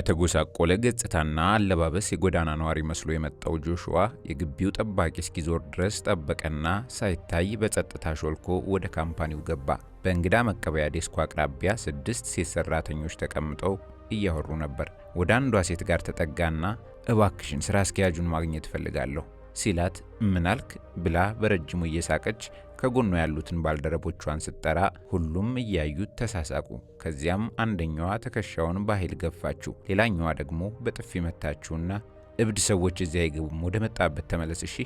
በተጎሳቆለ ገጽታና አለባበስ የጎዳና ነዋሪ መስሎ የመጣው ጆሹዋ የግቢው ጠባቂ እስኪዞር ድረስ ጠበቀና ሳይታይ በጸጥታ ሾልኮ ወደ ካምፓኒው ገባ። በእንግዳ መቀበያ ዴስኩ አቅራቢያ ስድስት ሴት ሰራተኞች ተቀምጠው እያወሩ ነበር። ወደ አንዷ ሴት ጋር ተጠጋና እባክሽን ስራ አስኪያጁን ማግኘት እፈልጋለሁ ሲላት ምን አልክ ብላ በረጅሙ እየሳቀች ከጎኗ ያሉትን ባልደረቦቿን ስትጠራ ሁሉም እያዩት ተሳሳቁ። ከዚያም አንደኛዋ ትከሻውን በኃይል ገፋችው፣ ሌላኛዋ ደግሞ በጥፊ መታችውና እብድ ሰዎች እዚያ አይገቡም፣ ወደ መጣበት ተመለስ እሺ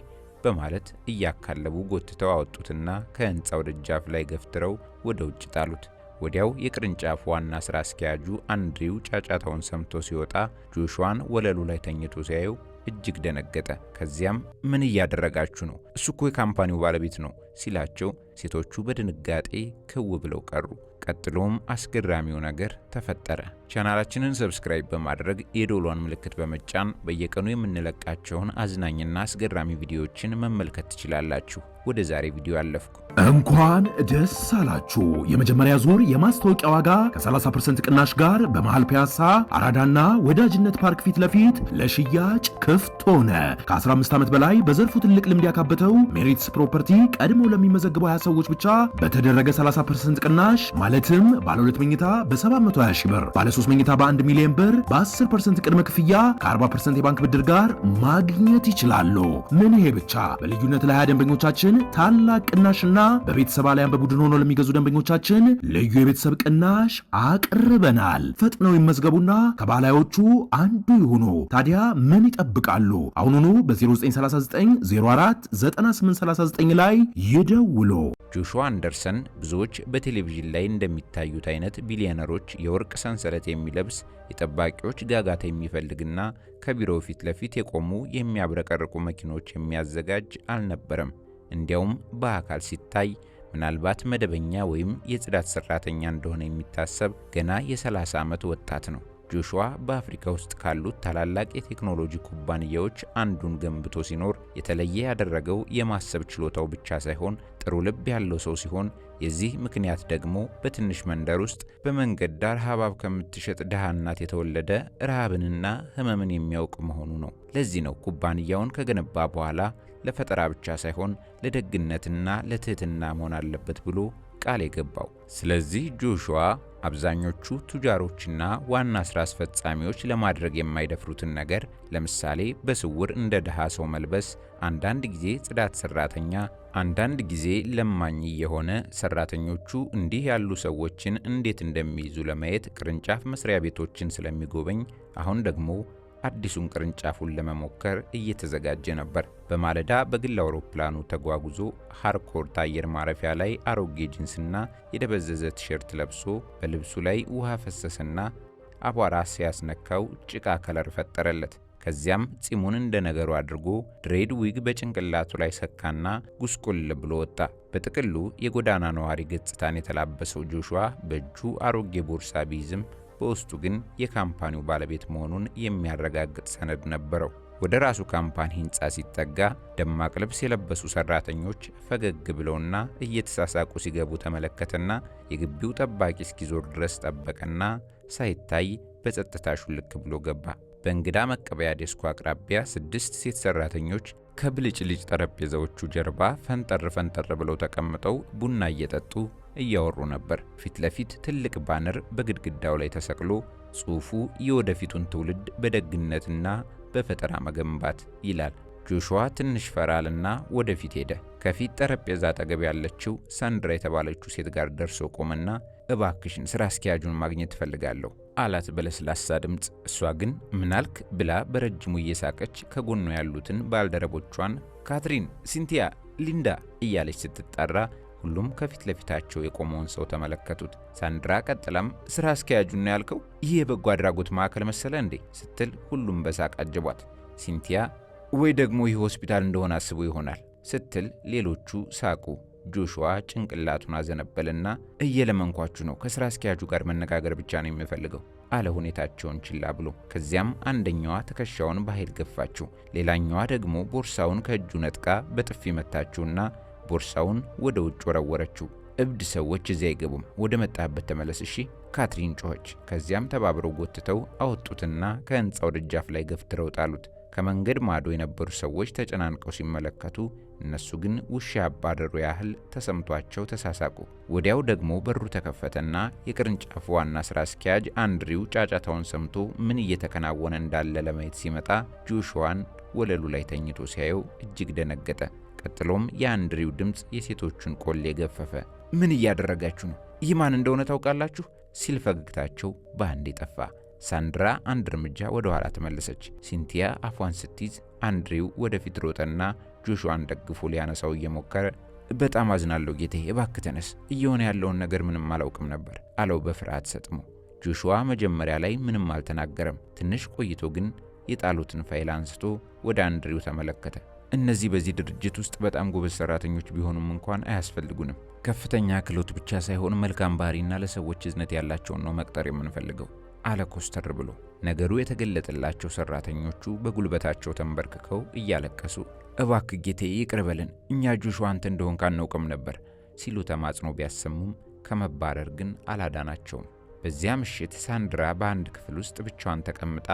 በማለት እያካለቡ ጎትተው አወጡትና ከህንፃው ደጃፍ ላይ ገፍትረው ወደ ውጭ ጣሉት። ወዲያው የቅርንጫፉ ዋና ስራ አስኪያጁ አንድሪው ጫጫታውን ሰምቶ ሲወጣ ጆሹዋን ወለሉ ላይ ተኝቶ ሲያዩ። እጅግ ደነገጠ። ከዚያም ምን እያደረጋችሁ ነው? እሱ እኮ የካምፓኒው ባለቤት ነው ሲላቸው ሴቶቹ በድንጋጤ ክው ብለው ቀሩ። ቀጥሎም አስገራሚው ነገር ተፈጠረ። ቻናላችንን ሰብስክራይብ በማድረግ የዶሏን ምልክት በመጫን በየቀኑ የምንለቃቸውን አዝናኝና አስገራሚ ቪዲዮዎችን መመልከት ትችላላችሁ። ወደ ዛሬ ቪዲዮ አለፍኩ። እንኳን ደስ አላችሁ! የመጀመሪያ ዙር የማስታወቂያ ዋጋ ከ30% ቅናሽ ጋር በመሃል ፒያሳ አራዳና ወዳጅነት ፓርክ ፊት ለፊት ለሽያጭ ክፍት ሆነ። ከ15 ዓመት በላይ በዘርፉ ትልቅ ልምድ ያካበተው ሜሪትስ ፕሮፐርቲ ቀድሞ ለሚመዘግበው 20 ሰዎች ብቻ በተደረገ 30% ቅናሽ ማለትም ባለ 2 መኝታ በ720 ሺህ ብር፣ ባለ 3 መኝታ በ1 ሚሊዮን ብር በ10% ቅድመ ክፍያ ከ40% የባንክ ብድር ጋር ማግኘት ይችላሉ። ምን ይሄ ብቻ! በልዩነት ለ20 ደንበኞቻችን ቻናላችን ታላቅ ቅናሽና በቤተሰብ አሊያም በቡድን ሆኖ ለሚገዙ ደንበኞቻችን ልዩ የቤተሰብ ቅናሽ አቅርበናል። ፈጥነው ይመዝገቡና ከባላዮቹ አንዱ ይሁኑ። ታዲያ ምን ይጠብቃሉ? አሁኑኑ በ 9839 ላይ ይደውሉ። ጆሹዋ አንደርሰን ብዙዎች በቴሌቪዥን ላይ እንደሚታዩት አይነት ቢሊዮነሮች የወርቅ ሰንሰለት የሚለብስ የጠባቂዎች ጋጋታ የሚፈልግና ከቢሮው ፊት ለፊት የቆሙ የሚያብረቀርቁ መኪኖች የሚያዘጋጅ አልነበረም። እንዲያውም በአካል ሲታይ ምናልባት መደበኛ ወይም የጽዳት ሠራተኛ እንደሆነ የሚታሰብ ገና የ30 ዓመት ወጣት ነው። ጆሹዋ በአፍሪካ ውስጥ ካሉት ታላላቅ የቴክኖሎጂ ኩባንያዎች አንዱን ገንብቶ ሲኖር የተለየ ያደረገው የማሰብ ችሎታው ብቻ ሳይሆን ጥሩ ልብ ያለው ሰው ሲሆን የዚህ ምክንያት ደግሞ በትንሽ መንደር ውስጥ በመንገድ ዳር ሐብሐብ ከምትሸጥ ድሃ እናት የተወለደ ረሃብንና ሕመምን የሚያውቅ መሆኑ ነው። ለዚህ ነው ኩባንያውን ከገነባ በኋላ ለፈጠራ ብቻ ሳይሆን ለደግነትና ለትህትና መሆን አለበት ብሎ ቃል የገባው። ስለዚህ ጆሹዋ አብዛኞቹ ቱጃሮችና ዋና ሥራ አስፈጻሚዎች ለማድረግ የማይደፍሩትን ነገር ለምሳሌ በስውር እንደ ድሃ ሰው መልበስ፣ አንዳንድ ጊዜ ጽዳት ሠራተኛ፣ አንዳንድ ጊዜ ለማኝ የሆነ ሠራተኞቹ እንዲህ ያሉ ሰዎችን እንዴት እንደሚይዙ ለማየት ቅርንጫፍ መስሪያ ቤቶችን ስለሚጎበኝ አሁን ደግሞ አዲሱን ቅርንጫፉን ለመሞከር እየተዘጋጀ ነበር። በማለዳ በግል አውሮፕላኑ ተጓጉዞ ሃርኮርት አየር ማረፊያ ላይ አሮጌ ጂንስና የደበዘዘ ቲሸርት ለብሶ በልብሱ ላይ ውሃ ፈሰሰና አቧራ ሲያስነካው ጭቃ ከለር ፈጠረለት። ከዚያም ጺሙን እንደ ነገሩ አድርጎ ድሬድ ዊግ በጭንቅላቱ ላይ ሰካና ጉስቁል ብሎ ወጣ። በጥቅሉ የጎዳና ነዋሪ ገጽታን የተላበሰው ጆሹዋ በእጁ አሮጌ ቦርሳ ቢይዝም በውስጡ ግን የካምፓኒው ባለቤት መሆኑን የሚያረጋግጥ ሰነድ ነበረው። ወደ ራሱ ካምፓኒ ሕንፃ ሲጠጋ ደማቅ ልብስ የለበሱ ሰራተኞች ፈገግ ብለውና እየተሳሳቁ ሲገቡ ተመለከተና የግቢው ጠባቂ እስኪዞር ድረስ ጠበቀና ሳይታይ በጸጥታ ሹልክ ብሎ ገባ። በእንግዳ መቀበያ ዴስኩ አቅራቢያ ስድስት ሴት ሰራተኞች ከብልጭልጭ ጠረጴዛዎቹ ጀርባ ፈንጠር ፈንጠር ብለው ተቀምጠው ቡና እየጠጡ እያወሩ ነበር። ፊት ለፊት ትልቅ ባነር በግድግዳው ላይ ተሰቅሎ ጽሑፉ የወደፊቱን ትውልድ በደግነትና በፈጠራ መገንባት ይላል። ጆሹዋ ትንሽ ፈራልና ወደፊት ሄደ። ከፊት ጠረጴዛ አጠገብ ያለችው ሳንድራ የተባለችው ሴት ጋር ደርሶ ቆመና እባክሽን ስራ አስኪያጁን ማግኘት ትፈልጋለሁ አላት በለስላሳ ድምፅ። እሷ ግን ምናልክ ብላ በረጅሙ እየሳቀች ከጎኗ ያሉትን ባልደረቦቿን ካትሪን፣ ሲንቲያ፣ ሊንዳ እያለች ስትጠራ። ሁሉም ከፊት ለፊታቸው የቆመውን ሰው ተመለከቱት። ሳንድራ ቀጥላም ስራ አስኪያጁን ያልከው ይህ የበጎ አድራጎት ማዕከል መሰለ እንዴ ስትል ሁሉም በሳቅ አጅቧት፣ ሲንቲያ ወይ ደግሞ ይህ ሆስፒታል እንደሆነ አስቦ ይሆናል ስትል ሌሎቹ ሳቁ። ጆሹዋ ጭንቅላቱን አዘነበልና እየለመንኳችሁ ነው፣ ከስራ አስኪያጁ ጋር መነጋገር ብቻ ነው የሚፈልገው አለ ሁኔታቸውን ችላ ብሎ። ከዚያም አንደኛዋ ትከሻውን በኃይል ገፋችው፣ ሌላኛዋ ደግሞ ቦርሳውን ከእጁ ነጥቃ በጥፊ መታችውና ቦርሳውን ወደ ውጭ ወረወረችው። እብድ ሰዎች እዚህ አይገቡም፣ ወደ መጣህበት ተመለስ እሺ ካትሪን ጮኸች። ከዚያም ተባብረው ጎትተው አወጡትና ከህንፃው ደጃፍ ላይ ገፍትረው ጣሉት። ከመንገድ ማዶ የነበሩ ሰዎች ተጨናንቀው ሲመለከቱ፣ እነሱ ግን ውሻ ያባረሩ ያህል ተሰምቷቸው ተሳሳቁ። ወዲያው ደግሞ በሩ ተከፈተና የቅርንጫፉ ዋና ስራ አስኪያጅ አንድሪው ጫጫታውን ሰምቶ ምን እየተከናወነ እንዳለ ለማየት ሲመጣ ጆሹዋን ወለሉ ላይ ተኝቶ ሲያየው እጅግ ደነገጠ። ቀጥሎም የአንድሪው ድምፅ የሴቶቹን ቆሌ ገፈፈ። ምን እያደረጋችሁ ነው? ይህ ማን እንደሆነ ታውቃላችሁ? ሲል ፈገግታቸው በአንዴ ጠፋ። ሳንድራ አንድ እርምጃ ወደ ኋላ ተመለሰች። ሲንቲያ አፏን ስትይዝ አንድሪው ወደፊት ሮጠና ጆሹዋን ደግፎ ሊያነሳው እየሞከረ በጣም አዝናለሁ ጌቴ፣ እባክህ ተነስ። እየሆነ ያለውን ነገር ምንም አላውቅም ነበር አለው በፍርሃት ሰጥሞ። ጆሹዋ መጀመሪያ ላይ ምንም አልተናገረም። ትንሽ ቆይቶ ግን የጣሉትን ፋይል አንስቶ ወደ አንድሪው ተመለከተ። እነዚህ በዚህ ድርጅት ውስጥ በጣም ጎበዝ ሰራተኞች ቢሆኑም እንኳን አያስፈልጉንም። ከፍተኛ ክህሎት ብቻ ሳይሆን መልካም ባህሪና ለሰዎች እዝነት ያላቸውን ነው መቅጠር የምንፈልገው አለ ኮስተር ብሎ። ነገሩ የተገለጠላቸው ሰራተኞቹ በጉልበታቸው ተንበርክከው እያለቀሱ እባክ ጌቴ ይቅርበልን፣ እኛ ጆሹዋ አንተ እንደሆን ካናውቅም ነበር ሲሉ ተማጽኖ ቢያሰሙም ከመባረር ግን አላዳናቸውም። በዚያ ምሽት ሳንድራ በአንድ ክፍል ውስጥ ብቻዋን ተቀምጣ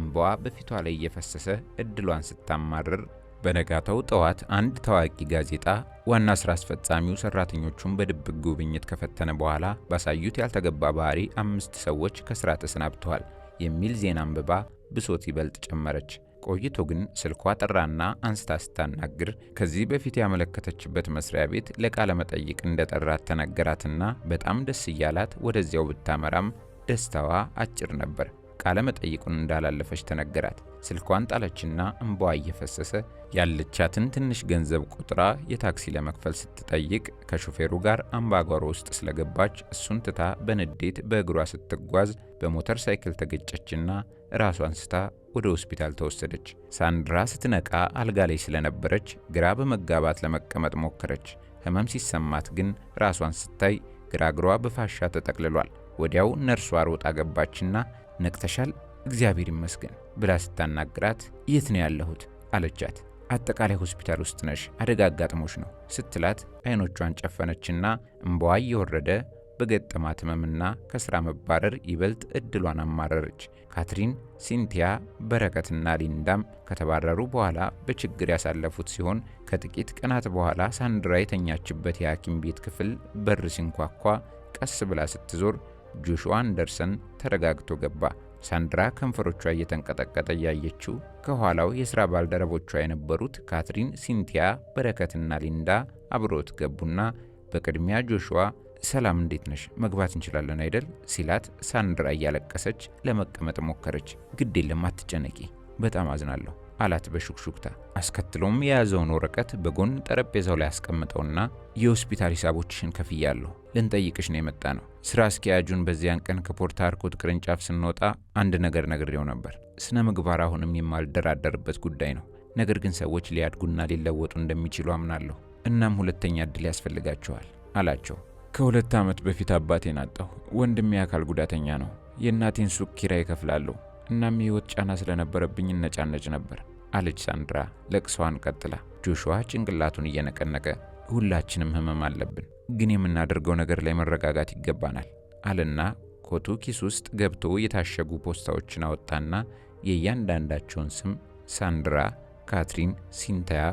እምባዋ በፊቷ ላይ እየፈሰሰ እድሏን ስታማርር በነጋታው ጠዋት አንድ ታዋቂ ጋዜጣ ዋና ሥራ አስፈጻሚው ሰራተኞቹን በድብቅ ጉብኝት ከፈተነ በኋላ ባሳዩት ያልተገባ ባህሪ አምስት ሰዎች ከስራ ተሰናብተዋል የሚል ዜና አንብባ ብሶት ይበልጥ ጨመረች። ቆይቶ ግን ስልኳ ጠራና አንስታ ስታናግር ከዚህ በፊት ያመለከተችበት መስሪያ ቤት ለቃለ መጠይቅ እንደጠራት ተነገራትና በጣም ደስ እያላት ወደዚያው ብታመራም ደስታዋ አጭር ነበር። ቃለ መጠይቁን እንዳላለፈች ተነገራት። ስልኳን ጣለችና እንባዋ እየፈሰሰ ያለቻትን ትንሽ ገንዘብ ቆጥራ የታክሲ ለመክፈል ስትጠይቅ ከሾፌሩ ጋር አምባጓሮ ውስጥ ስለገባች እሱን ትታ በንዴት በእግሯ ስትጓዝ በሞተር ሳይክል ተገጨችና ራሷን ስታ ወደ ሆስፒታል ተወሰደች። ሳንድራ ስትነቃ አልጋ ላይ ስለነበረች ግራ በመጋባት ለመቀመጥ ሞከረች። ህመም ሲሰማት ግን ራሷን ስታይ ግራ እግሯ በፋሻ ተጠቅልሏል። ወዲያው ነርሷ ሮጣ ገባችና ነቅተሻል? እግዚአብሔር ይመስገን ብላ ስታናግራት የት ነው ያለሁት አለቻት። አጠቃላይ ሆስፒታል ውስጥ ነሽ፣ አደጋ አጋጥሞሽ ነው ስትላት አይኖቿን ጨፈነችና እምባዋ እየወረደ በገጠማት ሕመምና ከሥራ መባረር ይበልጥ እድሏን አማረረች። ካትሪን፣ ሲንቲያ፣ በረከትና ሊንዳም ከተባረሩ በኋላ በችግር ያሳለፉት ሲሆን ከጥቂት ቀናት በኋላ ሳንድራ የተኛችበት የሐኪም ቤት ክፍል በር ሲንኳኳ ቀስ ብላ ስትዞር ጆሹዋ አንደርሰን ተረጋግቶ ገባ። ሳንድራ ከንፈሮቿ እየተንቀጠቀጠ እያየችው ከኋላው የሥራ ባልደረቦቿ የነበሩት ካትሪን፣ ሲንቲያ፣ በረከትና ሊንዳ አብሮት ገቡና በቅድሚያ ጆሹዋ ሰላም እንዴት ነሽ? መግባት እንችላለን አይደል? ሲላት ሳንድራ እያለቀሰች ለመቀመጥ ሞከረች። ግድ የለም አትጨነቂ፣ በጣም አዝናለሁ አላት በሹክሹክታ። አስከትሎም የያዘውን ወረቀት በጎን ጠረጴዛው ላይ አስቀምጠውና የሆስፒታል ሂሳቦችሽን ከፍያለሁ፣ ልንጠይቅሽ ነው የመጣ ነው። ስራ አስኪያጁን በዚያን ቀን ከፖርት አርኮት ቅርንጫፍ ስንወጣ አንድ ነገር ነግሬው ነበር። ስነ ምግባር አሁንም የማልደራደርበት ጉዳይ ነው። ነገር ግን ሰዎች ሊያድጉና ሊለወጡ እንደሚችሉ አምናለሁ። እናም ሁለተኛ እድል ያስፈልጋቸዋል አላቸው። ከሁለት ዓመት በፊት አባቴን አጣሁ። ወንድሜ አካል ጉዳተኛ ነው። የእናቴን ሱቅ ኪራይ እከፍላለሁ። እናም የህይወት ጫና ስለነበረብኝ እነጫነጭ ነበር አለች ሳንድራ ለቅሷን ቀጥላ። ጆሹዋ ጭንቅላቱን እየነቀነቀ ሁላችንም ህመም አለብን፣ ግን የምናደርገው ነገር ላይ መረጋጋት ይገባናል አለና ኮቱ ኪስ ውስጥ ገብቶ የታሸጉ ፖስታዎችን አወጣና የእያንዳንዳቸውን ስም ሳንድራ፣ ካትሪን፣ ሲንታያ፣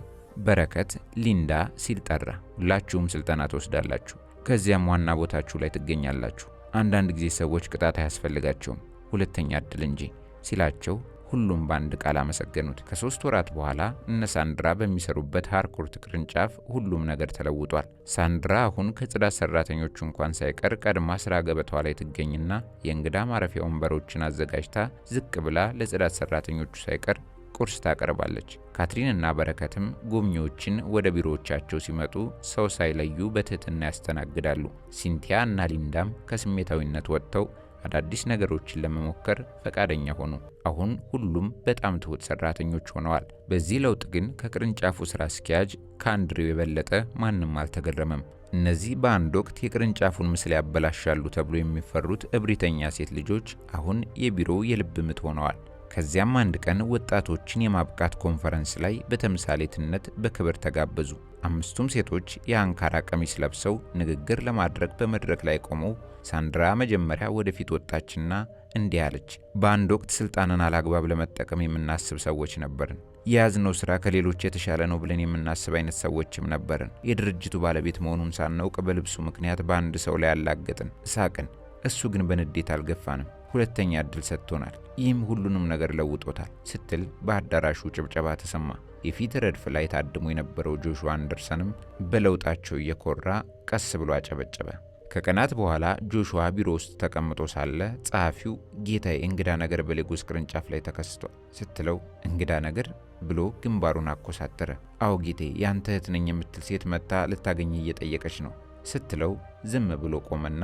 በረከት፣ ሊንዳ ሲል ጠራ። ሁላችሁም ስልጠና ትወስዳላችሁ፣ ከዚያም ዋና ቦታችሁ ላይ ትገኛላችሁ። አንዳንድ ጊዜ ሰዎች ቅጣት አያስፈልጋቸውም ሁለተኛ ዕድል እንጂ ሲላቸው ሁሉም በአንድ ቃል አመሰገኑት። ከሶስት ወራት በኋላ እነ ሳንድራ በሚሰሩበት ሃርኮርት ቅርንጫፍ ሁሉም ነገር ተለውጧል። ሳንድራ አሁን ከጽዳት ሰራተኞቹ እንኳን ሳይቀር ቀድማ ስራ ገበታዋ ላይ ትገኝና የእንግዳ ማረፊያ ወንበሮችን አዘጋጅታ ዝቅ ብላ ለጽዳት ሰራተኞቹ ሳይቀር ቁርስ ታቀርባለች። ካትሪንና በረከትም ጎብኚዎችን ወደ ቢሮዎቻቸው ሲመጡ ሰው ሳይለዩ በትህትና ያስተናግዳሉ። ሲንቲያ እና ሊንዳም ከስሜታዊነት ወጥተው አዳዲስ ነገሮችን ለመሞከር ፈቃደኛ ሆኑ። አሁን ሁሉም በጣም ትሁት ሰራተኞች ሆነዋል። በዚህ ለውጥ ግን ከቅርንጫፉ ስራ አስኪያጅ ከአንድሬው የበለጠ ማንም አልተገረመም። እነዚህ በአንድ ወቅት የቅርንጫፉን ምስል ያበላሻሉ ተብሎ የሚፈሩት እብሪተኛ ሴት ልጆች አሁን የቢሮው የልብ ምት ሆነዋል። ከዚያም አንድ ቀን ወጣቶችን የማብቃት ኮንፈረንስ ላይ በተምሳሌትነት በክብር ተጋበዙ። አምስቱም ሴቶች የአንካራ ቀሚስ ለብሰው ንግግር ለማድረግ በመድረክ ላይ ቆመው፣ ሳንድራ መጀመሪያ ወደፊት ወጣችና እንዲህ አለች። በአንድ ወቅት ስልጣንን አላግባብ ለመጠቀም የምናስብ ሰዎች ነበርን። የያዝነው ስራ ከሌሎች የተሻለ ነው ብለን የምናስብ አይነት ሰዎችም ነበርን። የድርጅቱ ባለቤት መሆኑን ሳናውቅ በልብሱ ምክንያት በአንድ ሰው ላይ አላገጥን፣ ሳቅን። እሱ ግን በንዴት አልገፋንም። ሁለተኛ እድል ሰጥቶናል። ይህም ሁሉንም ነገር ለውጦታል ስትል በአዳራሹ ጭብጨባ ተሰማ። የፊት ረድፍ ላይ ታድሞ የነበረው ጆሹዋ አንደርሰንም በለውጣቸው እየኮራ ቀስ ብሎ አጨበጨበ። ከቀናት በኋላ ጆሹዋ ቢሮ ውስጥ ተቀምጦ ሳለ ጸሐፊው ጌታዬ እንግዳ ነገር በሌጎስ ቅርንጫፍ ላይ ተከስቷል ስትለው እንግዳ ነገር ብሎ ግንባሩን አኮሳተረ። አዎ ጌቴ ያንተ እህት ነኝ የምትል ሴት መጥታ ልታገኝ እየጠየቀች ነው ስትለው ዝም ብሎ ቆመና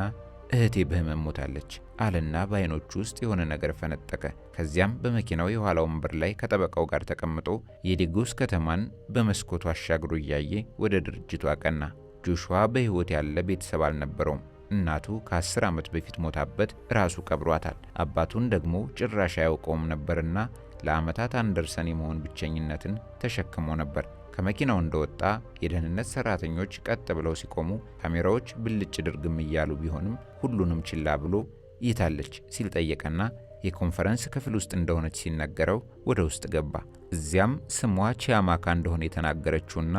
እህቴ በህመም ሞታለች አለና በአይኖቹ ውስጥ የሆነ ነገር ፈነጠቀ። ከዚያም በመኪናው የኋላ ወንበር ላይ ከጠበቃው ጋር ተቀምጦ የዴጎስ ከተማን በመስኮቱ አሻግሮ እያየ ወደ ድርጅቱ አቀና። ጆሹዋ በሕይወት ያለ ቤተሰብ አልነበረውም። እናቱ ከአስር ዓመት በፊት ሞታበት ራሱ ቀብሯታል። አባቱን ደግሞ ጭራሽ አያውቀውም ነበርና ለዓመታት አንደርሰን የመሆን ብቸኝነትን ተሸክሞ ነበር። ከመኪናው እንደወጣ የደህንነት ሰራተኞች ቀጥ ብለው ሲቆሙ ካሜራዎች ብልጭ ድርግም እያሉ ቢሆንም ሁሉንም ችላ ብሎ ይታለች ሲል ጠየቀና የኮንፈረንስ ክፍል ውስጥ እንደሆነች ሲነገረው ወደ ውስጥ ገባ። እዚያም ስሟ ቺያማካ እንደሆነ የተናገረችውና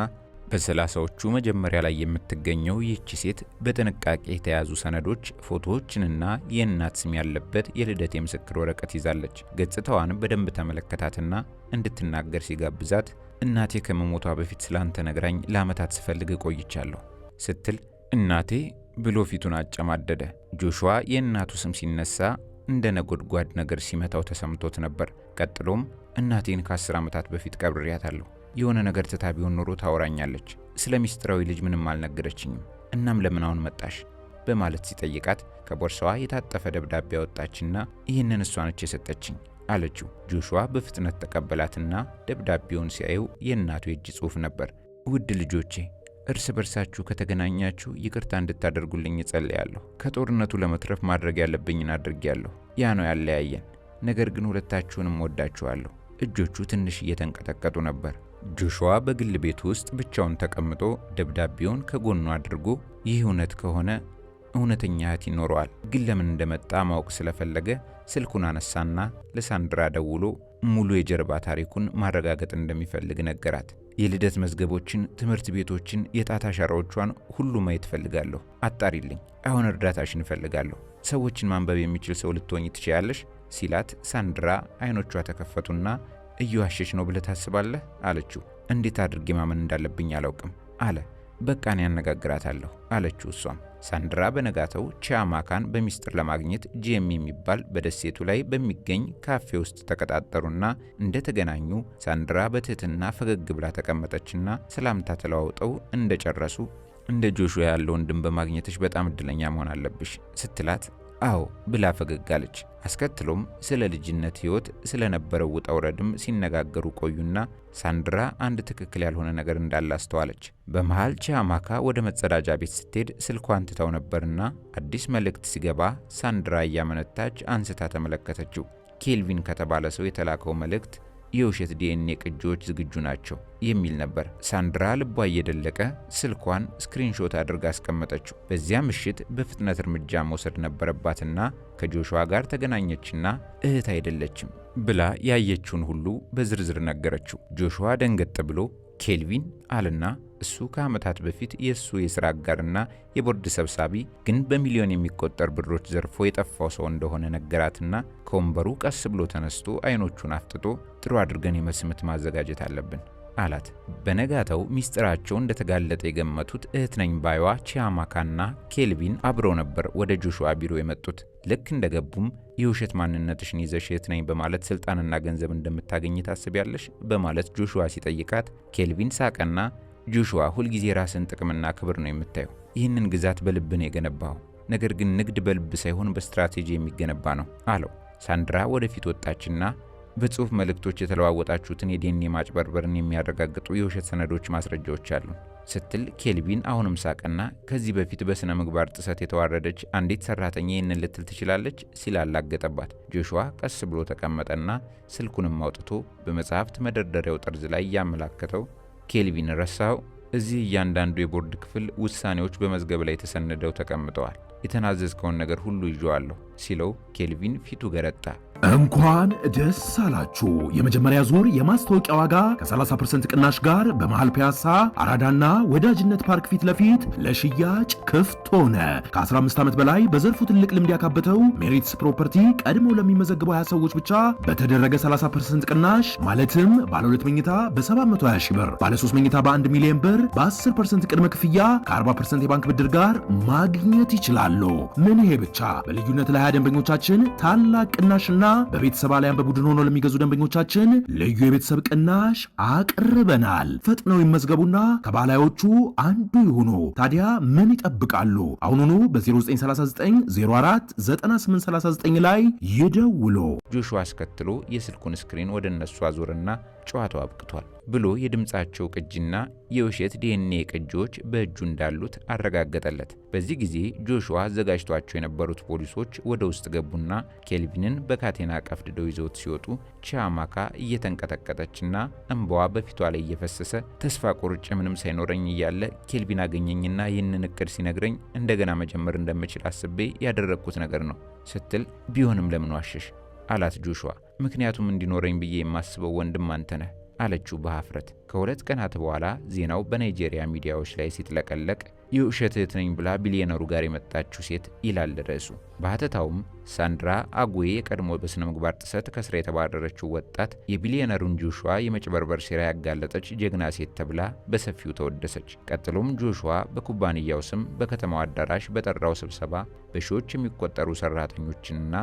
በሰላሳዎቹ መጀመሪያ ላይ የምትገኘው ይህች ሴት በጥንቃቄ የተያዙ ሰነዶች፣ ፎቶዎችንና የእናት ስም ያለበት የልደት የምስክር ወረቀት ይዛለች። ገጽታዋን በደንብ ተመለከታትና እንድትናገር ሲጋብዛት እናቴ ከመሞቷ በፊት ስላንተ ነግራኝ ለዓመታት ስፈልግ ቆይቻለሁ ስትል እናቴ ብሎ ፊቱን አጨማደደ። ጆሹዋ የእናቱ ስም ሲነሳ እንደ ነጎድጓድ ነገር ሲመታው ተሰምቶት ነበር። ቀጥሎም እናቴን ከአስር ዓመታት በፊት ቀብሬያታለሁ። የሆነ ነገር ትታ ቢሆን ኖሮ ታወራኛለች። ስለ ሚስጥራዊ ልጅ ምንም አልነገረችኝም። እናም ለምን አሁን መጣሽ በማለት ሲጠይቃት ከቦርሳዋ የታጠፈ ደብዳቤ አወጣችና ይህንን እሷ ነች የሰጠችኝ አለችው። ጆሹዋ በፍጥነት ተቀበላትና ደብዳቤውን ሲያየው የእናቱ የእጅ ጽሑፍ ነበር። ውድ ልጆቼ እርስ በርሳችሁ ከተገናኛችሁ ይቅርታ እንድታደርጉልኝ እጸልያለሁ። ከጦርነቱ ለመትረፍ ማድረግ ያለብኝን አድርጌያለሁ። ያ ነው ያለያየን። ነገር ግን ሁለታችሁንም ወዳችኋለሁ። እጆቹ ትንሽ እየተንቀጠቀጡ ነበር። ጆሹዋ በግል ቤቱ ውስጥ ብቻውን ተቀምጦ ደብዳቤውን ከጎኑ አድርጎ ይህ እውነት ከሆነ እውነተኛ እህት ይኖረዋል። ግን ለምን እንደመጣ ማወቅ ስለፈለገ ስልኩን አነሳና ለሳንድራ ደውሎ ሙሉ የጀርባ ታሪኩን ማረጋገጥ እንደሚፈልግ ነገራት። የልደት መዝገቦችን፣ ትምህርት ቤቶችን፣ የጣት አሻራዎቿን ሁሉ ማየት እፈልጋለሁ። አጣሪልኝ። አሁን እርዳታሽን እፈልጋለሁ። ሰዎችን ማንበብ የሚችል ሰው ልትሆኝ ትችያለሽ ሲላት ሳንድራ አይኖቿ ተከፈቱና እየዋሸች ነው ብለህ ታስባለህ አለችው። እንዴት አድርጌ ማመን እንዳለብኝ አላውቅም አለ። በቃ እኔ አነጋግራታለሁ አለችው እሷም ሳንድራ በነጋተው ቺያማካን በሚስጥር ለማግኘት ጄም የሚባል በደሴቱ ላይ በሚገኝ ካፌ ውስጥ ተቀጣጠሩና እንደተገናኙ ሳንድራ በትህትና ፈገግ ብላ ተቀመጠችና ሰላምታ ተለዋውጠው እንደጨረሱ እንደ ጆሹዋ ያለ ወንድም በማግኘትሽ በጣም እድለኛ መሆን አለብሽ ስትላት አዎ ብላ ፈገግ አለች። አስከትሎም ስለ ልጅነት ሕይወት ስለነበረው ውጣ ውረድም ሲነጋገሩ ቆዩና ሳንድራ አንድ ትክክል ያልሆነ ነገር እንዳለ አስተዋለች። በመሃል ቺያማካ ወደ መጸዳጃ ቤት ስትሄድ ስልኳን ትታው ነበርና አዲስ መልእክት ሲገባ ሳንድራ እያመነታች አንስታ ተመለከተችው። ኬልቪን ከተባለ ሰው የተላከው መልእክት የውሸት ዲኤንኤ ቅጂዎች ዝግጁ ናቸው የሚል ነበር። ሳንድራ ልቧ እየደለቀ ስልኳን ስክሪንሾት አድርጋ አስቀመጠችው። በዚያ ምሽት በፍጥነት እርምጃ መውሰድ ነበረባትና ከጆሹዋ ጋር ተገናኘችና እህት አይደለችም ብላ ያየችውን ሁሉ በዝርዝር ነገረችው። ጆሹዋ ደንገጥ ብሎ ኬልቪን አልና እሱ ከዓመታት በፊት የእሱ የሥራ አጋርና የቦርድ ሰብሳቢ ግን በሚሊዮን የሚቆጠር ብሮች ዘርፎ የጠፋው ሰው እንደሆነ ነገራትና ከወንበሩ ቀስ ብሎ ተነስቶ አይኖቹን አፍጥጦ ጥሩ አድርገን የመስምት ማዘጋጀት አለብን አላት። በነጋተው ሚስጥራቸው እንደተጋለጠ የገመቱት እህትነኝ ባይዋ ቺያማካና ኬልቪን አብረው ነበር ወደ ጆሹዋ ቢሮ የመጡት። ልክ እንደገቡም የውሸት ማንነትሽን ይዘሽ እህትነኝ በማለት ስልጣንና ገንዘብ እንደምታገኝ ታስቢያለሽ በማለት ጆሹዋ ሲጠይቃት ኬልቪን ሳቀና ጆሹዋ ሁልጊዜ ራስን ጥቅምና ክብር ነው የምታየው። ይህንን ግዛት በልብ ነው የገነባው፣ ነገር ግን ንግድ በልብ ሳይሆን በስትራቴጂ የሚገነባ ነው አለው። ሳንድራ ወደፊት ወጣችና በጽሁፍ መልእክቶች የተለዋወጣችሁትን የዲኤንኤ ማጭበርበርን የሚያረጋግጡ የውሸት ሰነዶች ማስረጃዎች አሉ ስትል ኬልቪን አሁንም ሳቅና ከዚህ በፊት በሥነ ምግባር ጥሰት የተዋረደች አንዲት ሰራተኛ ይህንን ልትል ትችላለች ሲል አላገጠባት። ጆሹዋ ቀስ ብሎ ተቀመጠና ስልኩንም አውጥቶ በመጽሐፍት መደርደሪያው ጠርዝ ላይ እያመላከተው ኬልቪን ረሳው። እዚህ እያንዳንዱ የቦርድ ክፍል ውሳኔዎች በመዝገብ ላይ ተሰንደው ተቀምጠዋል። የተናዘዝከውን ነገር ሁሉ ይዤዋለሁ ሲለው ኬልቪን ፊቱ ገረጣ። እንኳን ደስ አላችሁ! የመጀመሪያ ዙር የማስታወቂያ ዋጋ ከ30% ቅናሽ ጋር በመሃል ፒያሳ አራዳና ወዳጅነት ፓርክ ፊት ለፊት ለሽያጭ ክፍት ሆነ። ከ15 ዓመት በላይ በዘርፉ ትልቅ ልምድ ያካበተው ሜሪትስ ፕሮፐርቲ ቀድሞ ለሚመዘግበው 20 ሰዎች ብቻ በተደረገ 30% ቅናሽ ማለትም ባለ 2 መኝታ በ720 ሺህ ብር፣ ባለ 3 መኝታ በ1 ሚሊዮን ብር በ10% ቅድመ ክፍያ ከ40% የባንክ ብድር ጋር ማግኘት ይችላሉ። ምን ይሄ ብቻ! በልዩነት ለ20 ደንበኞቻችን ታላቅ ቅናሽና በቤተሰብ አሊያም በቡድን ሆኖ ለሚገዙ ደንበኞቻችን ልዩ የቤተሰብ ቅናሽ አቅርበናል። ፈጥነው ይመዝገቡና ከባላዮቹ አንዱ ይሁኑ። ታዲያ ምን ይጠብቃሉ? አሁኑኑ በ0939049839 ላይ ይደውሉ። ጆሹ አስከትሎ የስልኩን ስክሪን ወደ እነሱ አዞርና ጨዋታው አብቅቷል። ብሎ የድምፃቸው ቅጂና የውሸት ዲኤንኤ ቅጂዎች በእጁ እንዳሉት አረጋገጠለት። በዚህ ጊዜ ጆሹዋ አዘጋጅቷቸው የነበሩት ፖሊሶች ወደ ውስጥ ገቡና ኬልቪንን በካቴና ቀፍድደው ይዘውት ሲወጡ ቺያማካ እየተንቀጠቀጠችና እንባዋ በፊቷ ላይ እየፈሰሰ ተስፋ ቆርጬ ምንም ሳይኖረኝ እያለ ኬልቪን አገኘኝና ይህንን እቅድ ሲነግረኝ እንደገና መጀመር እንደምችል አስቤ ያደረግኩት ነገር ነው ስትል ቢሆንም ለምን ዋሸሽ አላት ጆሹዋ ምክንያቱም እንዲኖረኝ ብዬ የማስበው ወንድም አንተ ነህ አለችው በሐፍረት ከሁለት ቀናት በኋላ ዜናው በናይጄሪያ ሚዲያዎች ላይ ሲጥለቀለቅ የውሸት እህት ነኝ ብላ ቢሊዮነሩ ጋር የመጣችው ሴት ይላል ርዕሱ። በሀተታውም ሳንድራ አጉዌ የቀድሞ በሥነ ምግባር ጥሰት ከስራ የተባረረችው ወጣት የቢሊዮነሩን ጆሹዋ የመጭበርበር ሴራ ያጋለጠች ጀግና ሴት ተብላ በሰፊው ተወደሰች። ቀጥሎም ጆሹዋ በኩባንያው ስም በከተማው አዳራሽ በጠራው ስብሰባ በሺዎች የሚቆጠሩ ሰራተኞችንና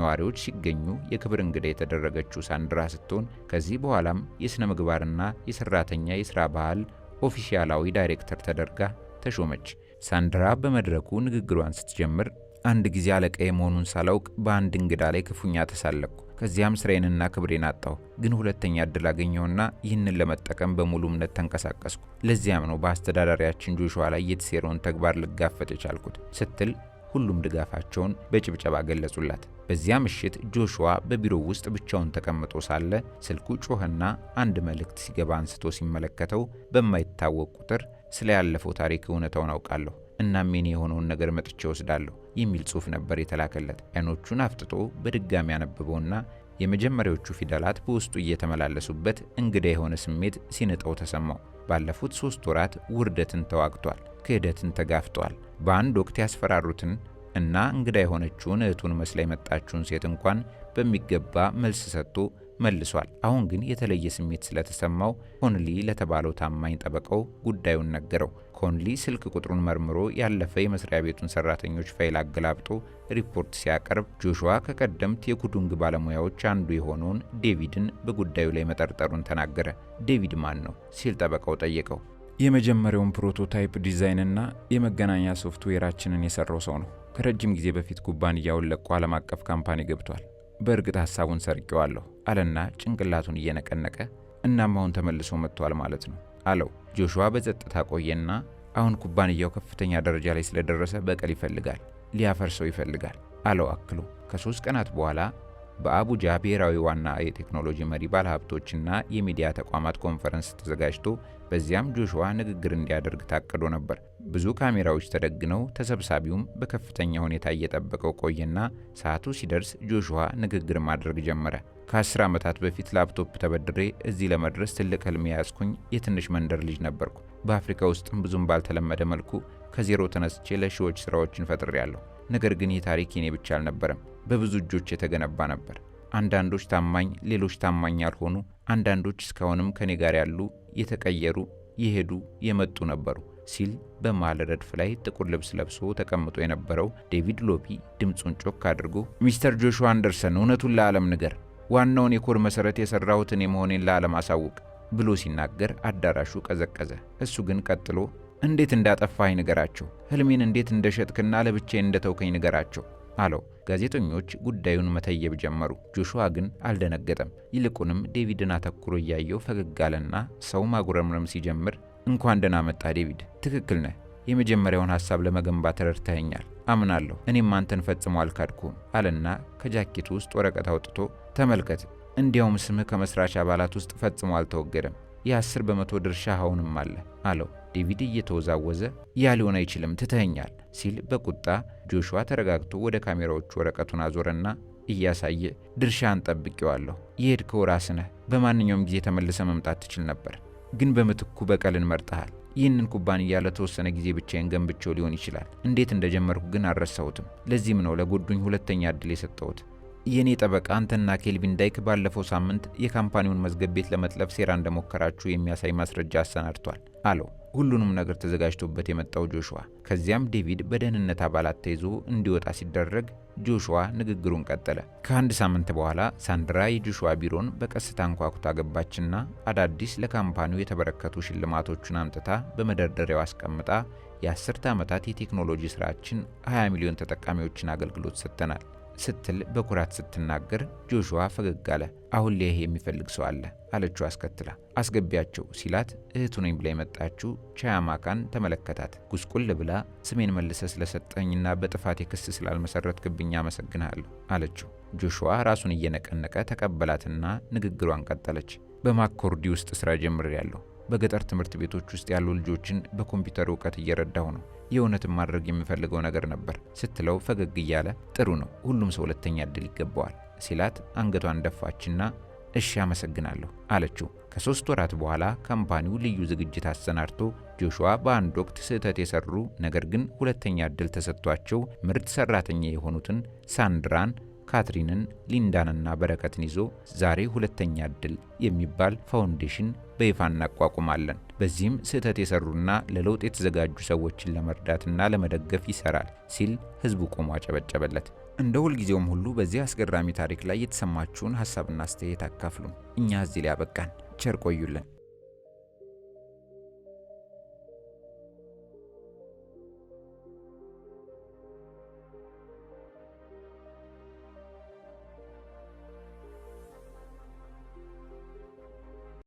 ነዋሪዎች ሲገኙ የክብር እንግዳ የተደረገችው ሳንድራ ስትሆን ከዚህ በኋላም የሥነ ምግባርና የሠራተኛ የሥራ ባህል ኦፊሻላዊ ዳይሬክተር ተደርጋ ተሾመች። ሳንድራ በመድረኩ ንግግሯን ስትጀምር አንድ ጊዜ አለቃዬ መሆኑን ሳላውቅ በአንድ እንግዳ ላይ ክፉኛ ተሳለቅኩ። ከዚያም ስራዬንና ክብሬን አጣሁ። ግን ሁለተኛ እድል አገኘሁና ይህንን ለመጠቀም በሙሉ እምነት ተንቀሳቀስኩ። ለዚያም ነው በአስተዳዳሪያችን ጆሹዋ ላይ የተሴረውን ተግባር ልጋፈጥ የቻልኩት ስትል ሁሉም ድጋፋቸውን በጭብጨባ ገለጹላት። በዚያ ምሽት ጆሹዋ በቢሮው ውስጥ ብቻውን ተቀምጦ ሳለ ስልኩ ጮኸና አንድ መልእክት ሲገባ አንስቶ ሲመለከተው በማይታወቅ ቁጥር ስለ ያለፈው ታሪክ እውነታውን አውቃለሁ እናም የኔ የሆነውን ነገር መጥቼ ወስዳለሁ የሚል ጽሑፍ ነበር የተላከለት። አይኖቹን አፍጥጦ በድጋሚ ያነበበውና የመጀመሪያዎቹ ፊደላት በውስጡ እየተመላለሱበት እንግዳ የሆነ ስሜት ሲንጠው ተሰማው። ባለፉት ሦስት ወራት ውርደትን ተዋግቷል። ክህደትን ተጋፍጧል። በአንድ ወቅት ያስፈራሩትን እና እንግዳ የሆነችውን እህቱን መስላ የመጣችውን ሴት እንኳን በሚገባ መልስ ሰጥቶ መልሷል። አሁን ግን የተለየ ስሜት ስለተሰማው ኮንሊ ለተባለው ታማኝ ጠበቃው ጉዳዩን ነገረው። ኮንሊ ስልክ ቁጥሩን መርምሮ ያለፈ የመስሪያ ቤቱን ሰራተኞች ፋይል አገላብጦ ሪፖርት ሲያቀርብ ጆሹዋ ከቀደምት የኩዱንግ ባለሙያዎች አንዱ የሆነውን ዴቪድን በጉዳዩ ላይ መጠርጠሩን ተናገረ። ዴቪድ ማን ነው ሲል ጠበቃው ጠየቀው። የመጀመሪያውን ፕሮቶታይፕ ዲዛይንና የመገናኛ ሶፍትዌራችንን የሰራው ሰው ነው። ከረጅም ጊዜ በፊት ኩባንያውን ለቆ ዓለም አቀፍ ካምፓኒ ገብቷል። በእርግጥ ሐሳቡን ሰርቄዋለሁ አለና ጭንቅላቱን እየነቀነቀ እናም አሁን ተመልሶ መጥቷል ማለት ነው አለው። ጆሹዋ በጸጥታ ቆየና አሁን ኩባንያው ከፍተኛ ደረጃ ላይ ስለደረሰ በቀል ይፈልጋል፣ ሊያፈርሰው ይፈልጋል አለው አክሎ ከሦስት ቀናት በኋላ በአቡጃ ብሔራዊ ዋና የቴክኖሎጂ መሪ ባለሀብቶችና የሚዲያ ተቋማት ኮንፈረንስ ተዘጋጅቶ በዚያም ጆሹዋ ንግግር እንዲያደርግ ታቅዶ ነበር። ብዙ ካሜራዎች ተደግነው ተሰብሳቢውም በከፍተኛ ሁኔታ እየጠበቀው ቆየና ሰዓቱ ሲደርስ ጆሹዋ ንግግር ማድረግ ጀመረ። ከአስር ዓመታት በፊት ላፕቶፕ ተበድሬ እዚህ ለመድረስ ትልቅ ህልም የያዝኩኝ የትንሽ መንደር ልጅ ነበርኩ። በአፍሪካ ውስጥም ብዙም ባልተለመደ መልኩ ከዜሮ ተነስቼ ለሺዎች ሥራዎችን ያለሁ። ነገር ግን ይህ ታሪክ የኔ ብቻ አልነበረም። በብዙ እጆች የተገነባ ነበር። አንዳንዶች ታማኝ፣ ሌሎች ታማኝ ያልሆኑ፣ አንዳንዶች እስካሁንም ከኔ ጋር ያሉ፣ የተቀየሩ፣ የሄዱ፣ የመጡ ነበሩ ሲል በመሃል ረድፍ ላይ ጥቁር ልብስ ለብሶ ተቀምጦ የነበረው ዴቪድ ሎቢ ድምፁን ጮክ አድርጎ ሚስተር ጆሹዋ አንደርሰን እውነቱን ለዓለም ንገር፣ ዋናውን የኮድ መሠረት የሠራሁት እኔ መሆኔን ለዓለም አሳውቅ ብሎ ሲናገር አዳራሹ ቀዘቀዘ። እሱ ግን ቀጥሎ እንዴት እንዳጠፋኸኝ ንገራቸው፣ ሕልሜን እንዴት እንደሸጥክና ለብቻዬ እንደተውከኝ ንገራቸው አለው። ጋዜጠኞች ጉዳዩን መተየብ ጀመሩ። ጆሹዋ ግን አልደነገጠም። ይልቁንም ዴቪድን አተኩሮ እያየው ፈገግ አለና ሰው ማጉረምረም ሲጀምር እንኳን ደህና መጣ ዴቪድ፣ ትክክል ነህ። የመጀመሪያውን ሐሳብ ለመገንባት ረድተኸኛል፣ አምናለሁ። እኔም አንተን ፈጽሞ አልካድኩም አለና ከጃኬቱ ውስጥ ወረቀት አውጥቶ ተመልከት፣ እንዲያውም ስምህ ከመሥራች አባላት ውስጥ ፈጽሞ አልተወገደም፣ የአስር በመቶ ድርሻ አሁንም አለ አለው። ዴቪድ እየተወዛወዘ ያ ሊሆን አይችልም ትተኸኛል ሲል በቁጣ ጆሹዋ ተረጋግቶ ወደ ካሜራዎቹ ወረቀቱን አዞረና እያሳየ ድርሻን ጠብቄዋለሁ። የሄድከው ራስ ነህ። በማንኛውም ጊዜ ተመልሰ መምጣት ትችል ነበር፣ ግን በምትኩ በቀልን መርጠሃል። ይህንን ኩባንያ ለተወሰነ ጊዜ ብቻዬን ገንብቼው ሊሆን ይችላል። እንዴት እንደጀመርኩ ግን አልረሳሁትም። ለዚህም ነው ለጎዱኝ ሁለተኛ ዕድል የሰጠሁት። የእኔ ጠበቃ አንተና ኬልቪን ዳይክ ባለፈው ሳምንት የካምፓኒውን መዝገብ ቤት ለመጥለፍ ሴራ እንደሞከራችሁ የሚያሳይ ማስረጃ አሰናድቷል አለው። ሁሉንም ነገር ተዘጋጅቶበት የመጣው ጆሹዋ ከዚያም ዴቪድ በደህንነት አባላት ተይዞ እንዲወጣ ሲደረግ ጆሹዋ ንግግሩን ቀጠለ። ከአንድ ሳምንት በኋላ ሳንድራ የጆሹዋ ቢሮን በቀስታ አንኳኩታ ገባችና አዳዲስ ለካምፓኒው የተበረከቱ ሽልማቶቹን አምጥታ በመደርደሪያው አስቀምጣ የአስርተ ዓመታት የቴክኖሎጂ ስራችን 20 ሚሊዮን ተጠቃሚዎችን አገልግሎት ሰጥተናል ስትል በኩራት ስትናገር ጆሹዋ ፈገግ አለ። አሁን ሊያይህ የሚፈልግ ሰው አለ አለችው አስከትላ። አስገቢያቸው ሲላት እህቱ ነኝ ብላ የመጣችው ቻያማካን ተመለከታት። ጉስቁል ብላ ስሜን መልሰ ስለሰጠኝና በጥፋት የክስ ስላልመሰረትክብኝ አመሰግንሃለሁ አለችው። ጆሹዋ ራሱን እየነቀነቀ ተቀበላትና ንግግሯን ቀጠለች። በማኮርዲ ውስጥ ስራ ጀምሬያለሁ በገጠር ትምህርት ቤቶች ውስጥ ያሉ ልጆችን በኮምፒውተር እውቀት እየረዳሁ ነው። የእውነትን ማድረግ የምፈልገው ነገር ነበር ስትለው ፈገግ እያለ ጥሩ ነው፣ ሁሉም ሰው ሁለተኛ እድል ይገባዋል ሲላት አንገቷን ደፋችና እሺ አመሰግናለሁ አለችው። ከሶስት ወራት በኋላ ካምፓኒው ልዩ ዝግጅት አሰናድቶ ጆሹዋ በአንድ ወቅት ስህተት የሰሩ ነገር ግን ሁለተኛ እድል ተሰጥቷቸው ምርጥ ሰራተኛ የሆኑትን ሳንድራን ካትሪንን፣ ሊንዳንና በረከትን ይዞ ዛሬ ሁለተኛ እድል የሚባል ፋውንዴሽን በይፋ እናቋቁማለን። በዚህም ስህተት የሰሩና ለለውጥ የተዘጋጁ ሰዎችን ለመርዳትና ለመደገፍ ይሰራል ሲል ህዝቡ ቆሞ አጨበጨበለት። እንደ ሁልጊዜውም ሁሉ በዚህ አስገራሚ ታሪክ ላይ የተሰማችሁን ሀሳብና አስተያየት አካፍሉን። እኛ እዚህ ሊያበቃን ቸር ቆዩልን።